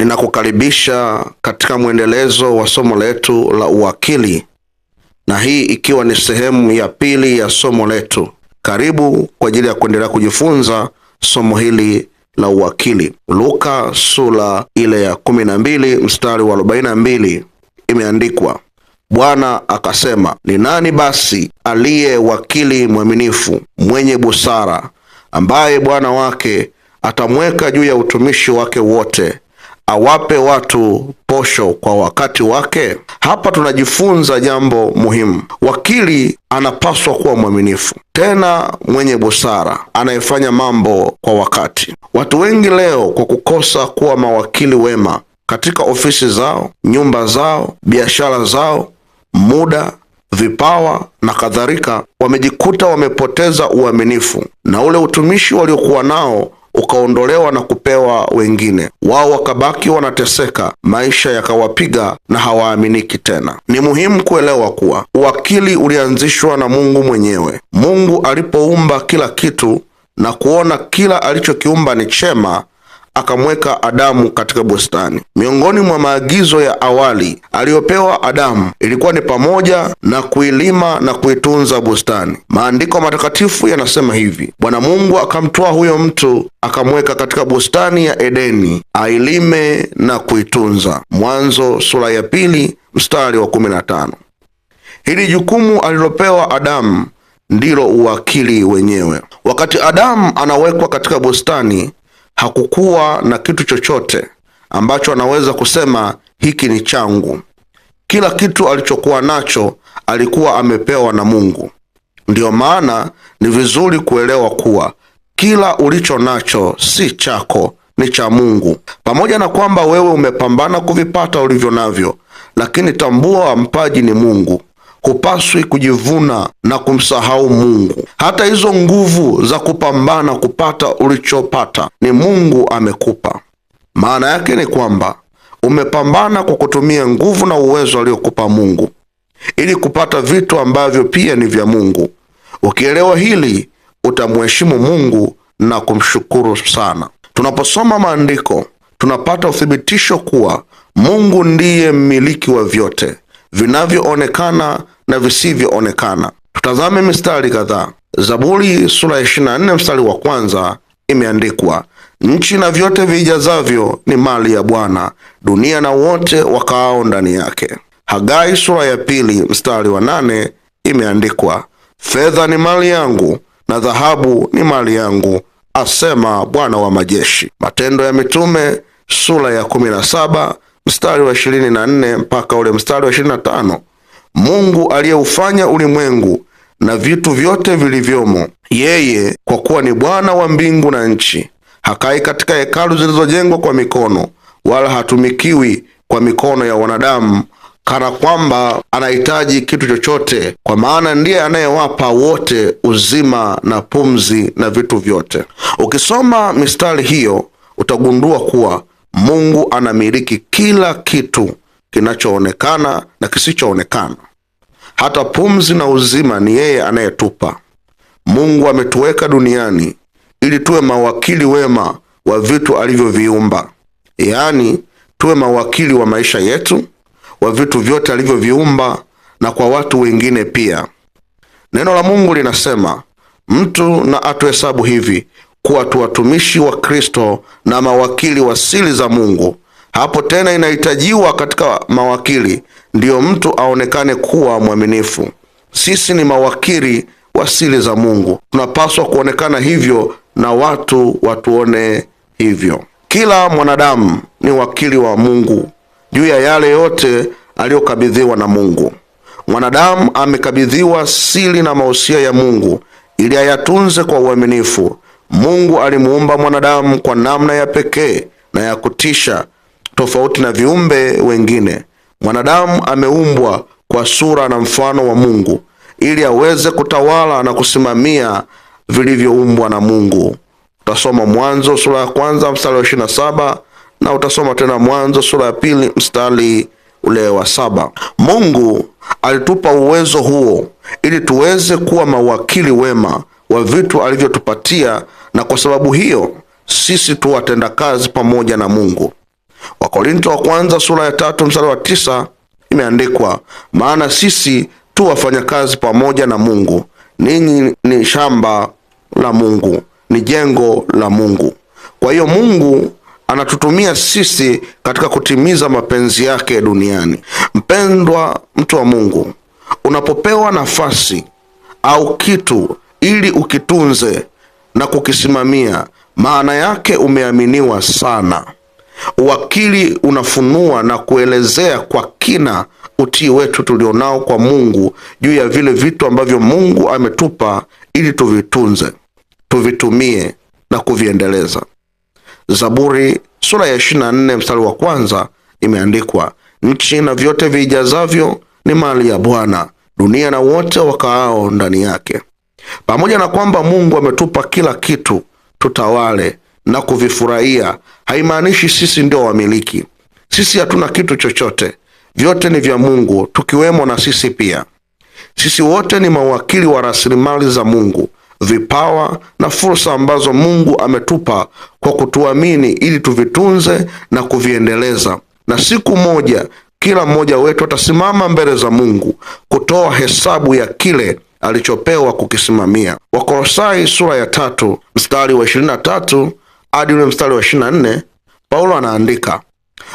Ninakukaribisha katika mwendelezo wa somo letu la uwakili na hii ikiwa ni sehemu ya pili ya somo letu. Karibu kwa ajili ya kuendelea kujifunza somo hili la uwakili. Luka sura ile ya kumi na mbili mstari wa arobaini na mbili imeandikwa, Bwana akasema, ni nani basi aliye wakili mwaminifu mwenye busara, ambaye bwana wake atamweka juu ya utumishi wake wote awape watu posho kwa wakati wake. Hapa tunajifunza jambo muhimu. Wakili anapaswa kuwa mwaminifu, tena mwenye busara, anayefanya mambo kwa wakati. Watu wengi leo, kwa kukosa kuwa mawakili wema katika ofisi zao, nyumba zao, biashara zao, muda, vipawa na kadhalika, wamejikuta wamepoteza uaminifu na ule utumishi waliokuwa nao ukaondolewa na kupewa wengine, wao wakabaki wanateseka, maisha yakawapiga na hawaaminiki tena. Ni muhimu kuelewa kuwa uwakili ulianzishwa na Mungu mwenyewe. Mungu alipoumba kila kitu na kuona kila alichokiumba ni chema akamweka Adamu katika bustani. Miongoni mwa maagizo ya awali aliyopewa Adamu ilikuwa ni pamoja na kuilima na kuitunza bustani. Maandiko matakatifu yanasema hivi: Bwana Mungu akamtoa huyo mtu akamweka katika bustani ya Edeni ailime na kuitunza. Mwanzo sura ya pili mstari wa 15. Hili jukumu alilopewa Adamu ndilo uwakili wenyewe. Wakati Adamu anawekwa katika bustani, hakukuwa na kitu chochote ambacho anaweza kusema hiki ni changu. Kila kitu alichokuwa nacho alikuwa amepewa na Mungu. Ndiyo maana ni vizuri kuelewa kuwa kila ulicho nacho si chako, ni cha Mungu. Pamoja na kwamba wewe umepambana kuvipata ulivyo navyo, lakini tambua, mpaji ni Mungu hupaswi kujivuna na kumsahau Mungu. Hata hizo nguvu za kupambana kupata ulichopata ni Mungu amekupa. Maana yake ni kwamba umepambana kwa kutumia nguvu na uwezo aliokupa Mungu ili kupata vitu ambavyo pia ni vya Mungu. Ukielewa hili, utamheshimu Mungu na kumshukuru sana. Tunaposoma maandiko tunapata uthibitisho kuwa Mungu ndiye mmiliki wa vyote vinavyoonekana na visivyoonekana. Tutazame mistari kadhaa. Zaburi sura ya 24 mstari wa kwanza imeandikwa, nchi na vyote vijazavyo ni mali ya Bwana, dunia na wote wakaao ndani yake. Hagai sura ya pili mstari wa nane imeandikwa, fedha ni mali yangu na dhahabu ni mali yangu, asema Bwana wa majeshi. Matendo ya Mitume sura ya saba mstari wa ishirini na nne mpaka ule mstari wa ishirini na tano Mungu aliyeufanya ulimwengu na vitu vyote vilivyomo, yeye kwa kuwa ni Bwana wa mbingu na nchi, hakai katika hekalu zilizojengwa kwa mikono, wala hatumikiwi kwa mikono ya wanadamu, kana kwamba anahitaji kitu chochote, kwa maana ndiye anayewapa wote uzima na pumzi na vitu vyote. Ukisoma mistari hiyo utagundua kuwa Mungu anamiliki kila kitu kinachoonekana na kisichoonekana. Hata pumzi na uzima ni yeye anayetupa. Mungu ametuweka duniani ili tuwe mawakili wema wa vitu alivyoviumba, yaani tuwe mawakili wa maisha yetu, wa vitu vyote alivyoviumba na kwa watu wengine pia. Neno la Mungu linasema, mtu na atuhesabu hivi kuwa tuwatumishi watumishi wa Kristo na mawakili wa siri za Mungu. Hapo tena inahitajiwa katika mawakili ndiyo mtu aonekane kuwa mwaminifu. Sisi ni mawakili wa siri za Mungu, tunapaswa kuonekana hivyo na watu watuone hivyo. Kila mwanadamu ni wakili wa Mungu juu ya yale yote aliyokabidhiwa na Mungu. Mwanadamu amekabidhiwa siri na mausia ya Mungu ili ayatunze kwa uaminifu Mungu alimuumba mwanadamu kwa namna ya pekee na ya kutisha, tofauti na viumbe wengine. Mwanadamu ameumbwa kwa sura na mfano wa Mungu ili aweze kutawala na kusimamia vilivyoumbwa na Mungu. Utasoma Mwanzo sura ya kwanza mstari wa ishirini na saba na utasoma tena Mwanzo sura ya pili mstari ule wa saba. Mungu alitupa uwezo huo ili tuweze kuwa mawakili wema wa vitu alivyotupatia na kwa sababu hiyo sisi tu watenda kazi pamoja na Mungu. Wakorintho wa kwanza sura ya tatu mstari wa tisa imeandikwa, maana sisi tu kazi pamoja na Mungu, ninyi ni shamba la Mungu, ni jengo la Mungu. Kwa hiyo Mungu anatutumia sisi katika kutimiza mapenzi yake duniani. Mpendwa mtu wa Mungu, unapopewa nafasi au kitu ili ukitunze na kukisimamia, maana yake umeaminiwa sana. Uwakili unafunua na kuelezea kwa kina utii wetu tulionao kwa Mungu juu ya vile vitu ambavyo Mungu ametupa ili tuvitunze, tuvitumie na kuviendeleza. Zaburi sura ya 24 mstari wa kwanza imeandikwa, nchi na vyote viijazavyo ni mali ya Bwana, dunia na wote wakaao ndani yake. Pamoja na kwamba Mungu ametupa kila kitu tutawale na kuvifurahia, haimaanishi sisi ndio wamiliki. Sisi hatuna kitu chochote, vyote ni vya Mungu, tukiwemo na sisi pia. Sisi wote ni mawakili wa rasilimali za Mungu, vipawa na fursa ambazo Mungu ametupa kwa kutuamini, ili tuvitunze na kuviendeleza. Na siku moja kila mmoja wetu atasimama mbele za Mungu kutoa hesabu ya kile alichopewa kukisimamia. Wakolosai sura ya tatu mstari wa tatu hadi ule mstari wa nne Paulo anaandika,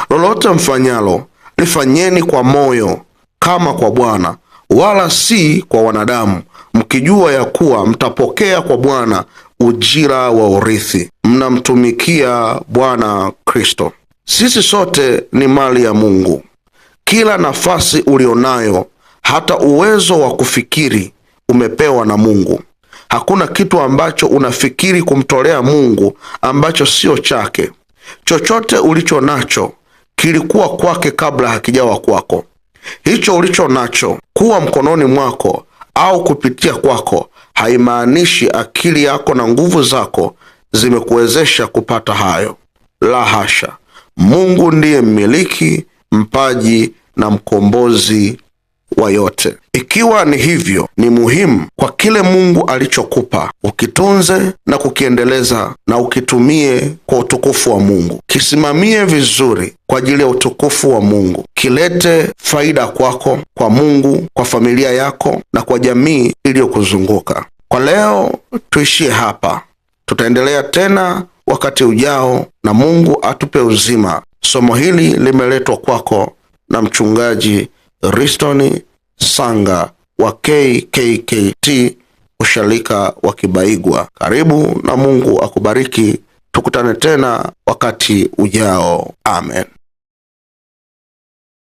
lolote mfanyalo lifanyeni kwa moyo kama kwa Bwana, wala si kwa wanadamu, mkijua ya kuwa mtapokea kwa Bwana ujira wa urithi, mnamtumikia Bwana Kristo. Sisi sote ni mali ya Mungu. Kila nafasi ulionayo, hata uwezo wa kufikiri umepewa na Mungu. Hakuna kitu ambacho unafikiri kumtolea Mungu ambacho siyo chake. Chochote ulicho nacho kilikuwa kwake kabla hakijawa kwako. Hicho ulicho nacho kuwa mkononi mwako au kupitia kwako haimaanishi akili yako na nguvu zako zimekuwezesha kupata hayo. La hasha! Mungu ndiye mmiliki, mpaji na mkombozi wa yote. Ikiwa ni hivyo, ni muhimu kwa kile Mungu alichokupa ukitunze na kukiendeleza na ukitumie kwa utukufu wa Mungu. Kisimamie vizuri kwa ajili ya utukufu wa Mungu, kilete faida kwako, kwa Mungu, kwa familia yako na kwa jamii iliyokuzunguka. Kwa leo tuishie hapa, tutaendelea tena wakati ujao, na Mungu atupe uzima. Somo hili limeletwa kwako na Mchungaji Ristoni Sanga wa KKKT ushalika wa Kibaigwa. Karibu na Mungu akubariki. Tukutane tena wakati ujao. Amen.